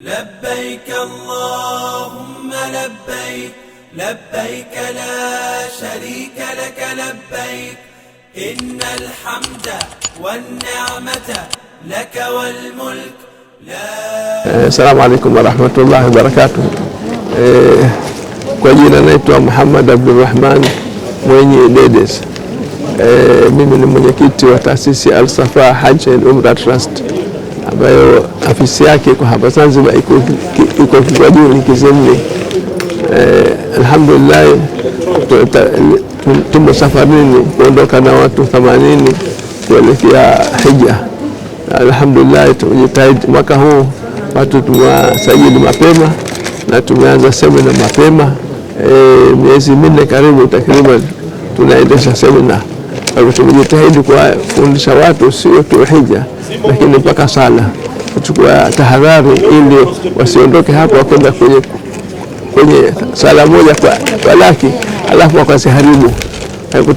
لبيك اللهم لبيك لبيك لا شريك لك لبيك إن الحمد والنعمة لك والملك لا إيه، السلام عليكم ورحمة الله وبركاته كوجينا نيتو محمد عبد الرحمن ويني ديدس ميمي لمنيكيتي وتاسيسي الصفا حج الأمرا تراست ambayo afisi yake kwa hapa Zanzibar iko Kikwajuni Eh, Alhamdulillah, tumo safarini kuondoka na watu 80 kuelekea hija. Alhamdulillah, tumejitahidi mwaka huu watu tumewasajili mapema na tumeanza semina mapema. Eh, miezi minne karibu takriban tunaendesha semina. Tumejitahidi kuwafundisha watu sio tu hija, lakini mpaka sala, kuchukua tahadhari ili wasiondoke hapo wakwenda kwenye, kwenye sala moja kwa, kwa laki alafu wakaziharibu.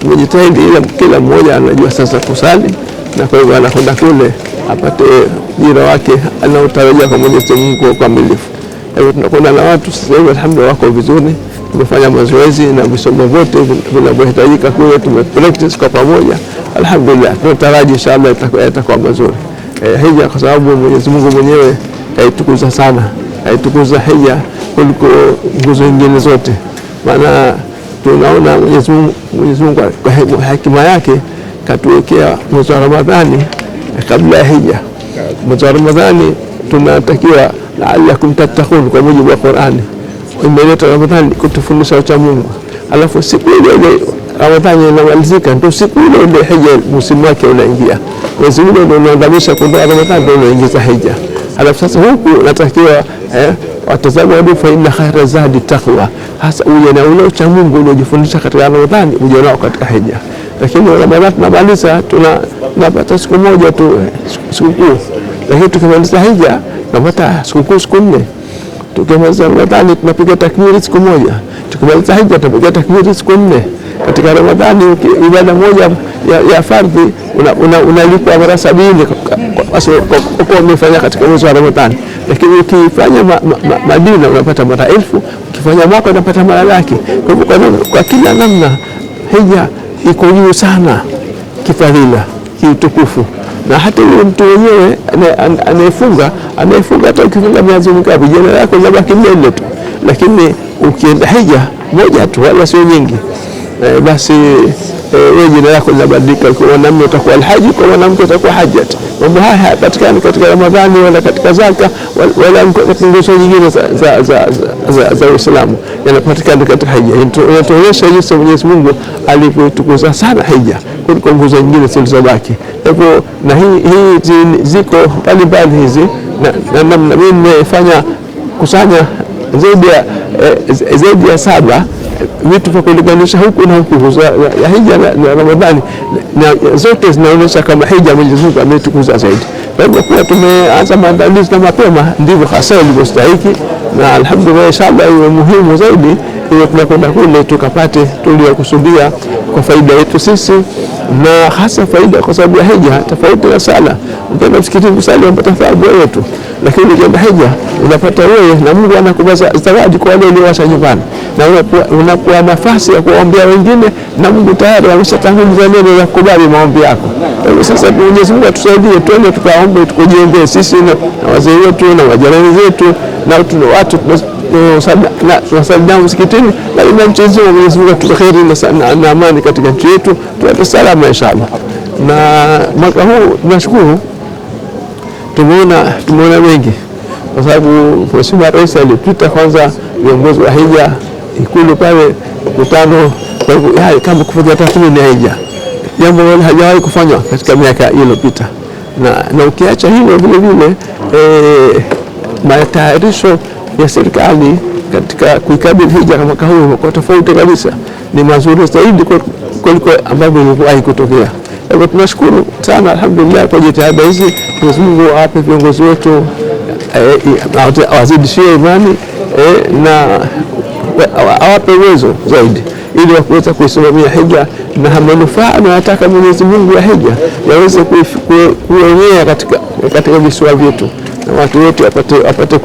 Tumejitahidi kila mmoja anajua sasa kusali, na kwa hivyo anakwenda kule apate jira wake anaotarajia kwa Mwenyezi Mungu kwa ukamilifu. Tunakwenda na watu sasa hivi alhamdulillah, wako vizuri tumefanya mazoezi na visomo vyote vinavyohitajika kule, tume practice kwa pamoja. Alhamdulillah, tunataraji inshallah yatakuwa mazuri eh, hija kwa sababu Mwenyezi Mungu mwenyewe aitukuza sana, aitukuza hija kuliko nguzo nyingine zote, maana tunaona Mwenyezi Mungu Mwenyezi Mungu kwa hekima yake katuwekea mwezi wa Ramadhani eh, kabla ya hija. Mwezi wa Ramadhani tunatakiwa la'allakum tattaqun kwa mujibu wa Qur'ani imeleta Ramadhani kutufundisha cha Mungu, alafu siku ile ile Ramadhani inamalizika, ndio siku ile ile hija msimu wake unaingia. Mwezi ule ndio unaangamisha kuondoa Ramadhani, ndio unaingiza hija. Alafu sasa huku natakiwa eh, watazame hadi fa inna khaira zadi taqwa, hasa uje na ule Mungu unajifundisha katika Ramadhani uje nao katika hija. Lakini Ramadhani tunamaliza napata siku moja tu eh, sikukuu, lakini tukimaliza hija tunapata sikukuu siku nne. Tukimaliza Ramadhani tunapiga takbiri siku moja, tukimaliza hija tunapiga takbiri siku nne. Katika Ramadhani ibada moja ya, ya fardhi unalipwa mara sabini kwa umefanya katika mwezi wa Ramadhani, lakini ukifanya ma, ma, ma, Madina unapata mara elfu, ukifanya mwaka unapata mara laki. Kwa hivyo kwa kila namna hija iko juu sana kifadhila kiutukufu na hata yule mtu mwenyewe anayefunga anayefunga, hata ukifunga miezi mingapi, jana lako zabaki nne tu, lakini ukienda hija moja tu wala sio nyingi, eh, basi Eh, wewe jina lako linabadilika, kwa mwanamume utakuwa alhaji, kwa mwanamke utakuwa hajat. Mambo haya hayapatikani katika Ramadhani wala katika zaka wala katika nguzo nyingine za Uislamu, yanapatikana katika hija. Inatuonyesha jinsi Mwenyezi Mungu alivyotukuza sana hija kuliko nguzo nyingine zilizobaki. Na hii ziko mbalimbali hizi, na namna mimi nimefanya kusanya zaidi ya eh, saba vitu vya kulinganisha huku na huku ya hija na Ramadhani na zote zinaonyesha kama hija Mwenyezi Mungu ametukuza zaidi. Kwa hivyo kuwa tumeanza maandalizi na mapema ndivyo hasa ilivyostahiki, na alhamdulillah, inshallah iwe muhimu zaidi. Kwa hiyo tunakwenda kule tukapate tuliyokusudia kwa faida yetu sisi na hasa faida kwa sababu ya hija, tofauti na sala. Ukienda msikitini kusali unapata thawabu wewe tu, lakini ukienda hija unapata wewe na Mungu anakupa zawadi kwa wale walioacha nyumbani, na unakuwa nafasi ya kuwaombea wengine, na Mungu tayari ameshatanguliza neno la kukubali maombi yako. Kwa hiyo sasa, Mwenyezi Mungu atusaidie, twende tukaombe, tukujengee sisi na wazee wetu na majirani zetu na watu wasalimu msikitini, na mchezo wa Mwenyezi Mungu atupe kheri na amani katika nchi yetu, tuwape salama inshallah. Na mwaka huu tunashukuru, tumeona tumeona mengi kwa sababu Mheshimiwa Rais alipita kwanza, viongozi wa hija Ikulu pale mkutano kwa kama kufanya tathmini ya hija, jambo ambalo hajawahi kufanywa katika miaka iliyopita. Na, na ukiacha hilo vile vile eh, matayarisho ya serikali katika kuikabili hija kama mwaka huu kwa tofauti kabisa, ni mazuri zaidi kuliko ambavyo ilikuwahi kutokea. Kwa hivyo tunashukuru sana alhamdulillah kwa jitihada hizi. Mwenyezi Mungu awape viongozi wetu, eh, awazidishie imani eh, na awape uwezo zaidi ili wakuweza kuisimamia hija na manufaa anayotaka Mwenyezi Mungu ya hija yaweze kuenea katika visiwa vyetu na watu wote apate, apate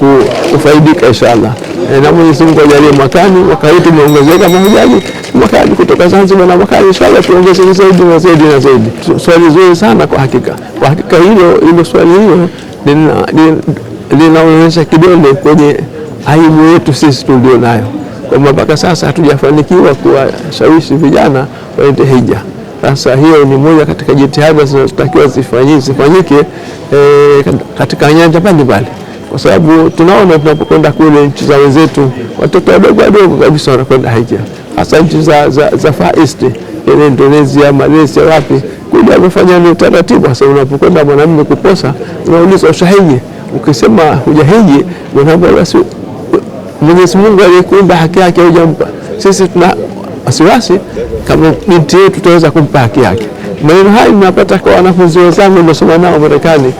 kufaidika inshallah. E, na Mwenyezi Mungu ajalie mwakani, mwaka huu tumeongezeka mahujaji mwakani kutoka Zanzibar na mwakani inshallah tuongezeke zaidi na zaidi na zaidi. Swali zuri sana kwa hakika, kwa hakika hilo hilo swali hilo linaonyesha kidole kwenye aibu yetu sisi tulio nayo kwamba mpaka sasa hatujafanikiwa kuwashawishi vijana waende hija. Sasa hiyo ni moja katika jitihada zinazotakiwa zifanyike e, katika nyanja mbalimbali, kwa sababu tunaona tunapokwenda kule nchi za wenzetu watoto wadogo wadogo kabisa wanakwenda hija, hasa nchi za, za, za Far East ile Indonesia, Malaysia, wapi kule wamefanya ni utaratibu. Sasa unapokwenda mwanamume kuposa, unauliza ushahidi. Ukisema hujahiji, basi Mwenyezi Mungu aliyekuumba haki yake hujampa. Sisi tuna wasiwasi kama binti yetu tutaweza kumpa haki yake. Maneno hayo mnapata kwa wanafunzi wenzangu niliosoma nao Marekani,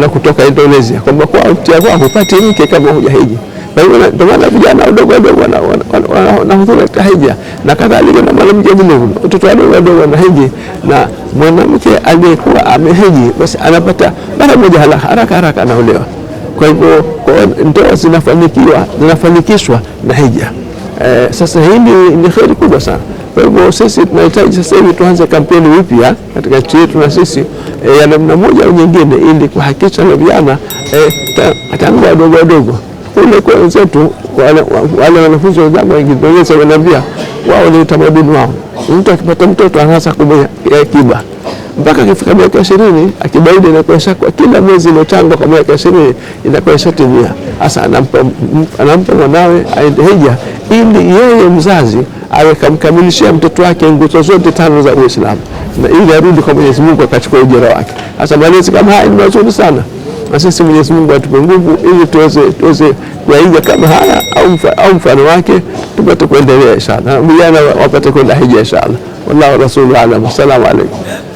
eh, kutoka Indonesia kwamba kwa mtia kwa hupati mke kama hujahiji. Kwa hivyo ndio maana vijana wadogo wadogo wanahudhuria katika hija na kadhalika, na mwalimu Jamilu, mtoto wadogo wadogo hiji na mwanamke aliyekuwa amehiji basi anapata mara moja halaka haraka haraka anaolewa. Kwa hivyo ndoa zinafanikiwa zinafanikishwa na hija. Eh, sasa hii ni kheri kubwa sana. Kwa hivyo sisi tunahitaji sasa hivi tuanze kampeni mpya katika nchi yetu na sisi eh, ya namna moja au nyingine, ili kuhakikisha na vijana eh, tangu wadogo wadogo kule kwa wenzetu, wale wanafunzi wenzangu wakiongeza wanaambia wao ni utamaduni wao, mtu akipata mtoto anaanza kumwekea akiba mpaka akifika miaka ishirini akibaidi inakuwa ishakuwa kila mwezi iliotangwa kwa miaka ishirini inakuwa ishatimia. Sasa anampa mwanawe aende hija ili yeye mzazi awe kamkamilishia mtoto wake nguzo zote tano za Uislamu na ili arudi kwa Mwenyezi Mungu akachukua ujira wake. Sasa malezi kama haya ni mazuri sana, na sisi Mwenyezi Mungu atupe nguvu ili tuweze tuweze kuiga kama haya au mfano wake, tupate kuendelea inshallah, vijana wapate kwenda hija inshallah. Wallahu rasulu alam. Assalamu alaykum.